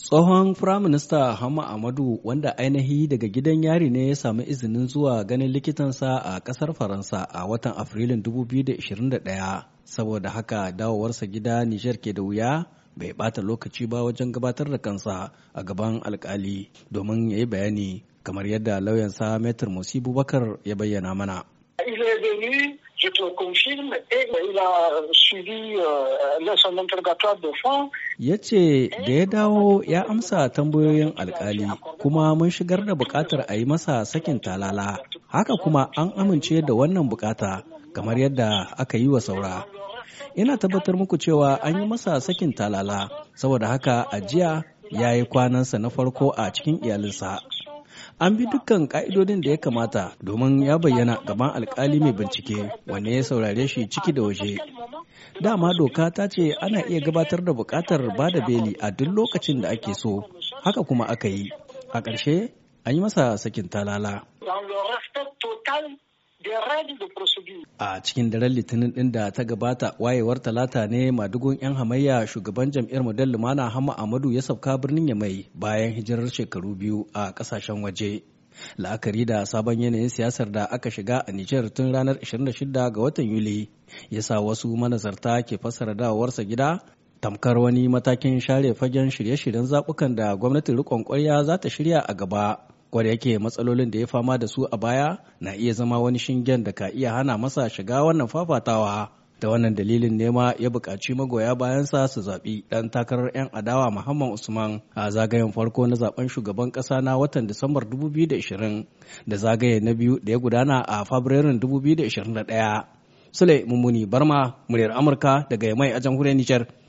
Tsohon Firaminista Hama Amadu wanda ainihi daga gidan yari ne ya samu izinin zuwa ganin likitansa a ƙasar Faransa a watan Afrilun 2021 saboda haka dawowarsa gida Nijar ke da wuya bai bata lokaci ba wajen gabatar da kansa a gaban alkali domin ya yi bayani kamar yadda lauyansa Metir Musibu Bakar ya bayyana mana. je te confirme, et il a suivi euh, son interrogatoire de fond. Ya ce da ya dawo ya amsa tambayoyin alkali kuma mun shigar da bukatar a yi masa sakin talala. Haka kuma an amince da wannan bukata kamar yadda aka yi wa saura. Ina tabbatar muku cewa an yi masa sakin talala, saboda haka a jiya ya yi kwanansa na farko a cikin iyalinsa. An bi dukkan ka'idodin da ya kamata domin ya bayyana gaban alkali mai bincike wanne ya saurare shi ciki da waje. Dama doka ta ce ana iya gabatar da bukatar ba da beli a duk lokacin da ake so, haka kuma aka yi. A ƙarshe, an yi masa sakin talala. A cikin daren Litinin din da ta gabata wayewar talata ne madugun 'yan hamayya shugaban jam'iyyar model Lumana Hama Amadu ya sauka birnin ya mai, bayan hijirar shekaru biyu a ƙasashen waje. La'akari da sabon yanayin siyasar da aka shiga a Nijar tun ranar 26 ga watan Yuli ya sa wasu manazarta ke fassara dawowarsa gida tamkar wani matakin share fagen shirye-shiryen zaɓukan da gwamnatin rikon ƙwarya za ta shirya a gaba. kwar yake matsalolin da ya fama da su a baya na iya zama wani shingen da ka iya hana masa shiga wannan fafatawa ta wannan dalilin nema ya buƙaci magoya bayansa su zaɓi ɗan takarar 'yan adawa muhammad usman a zagayen farko na zaben shugaban ƙasa na watan disambar 2020 da zagaye na biyu da ya gudana a fabrairun 2021 sule mummuni barma muryar amurka daga mai a jamhuriyar nijar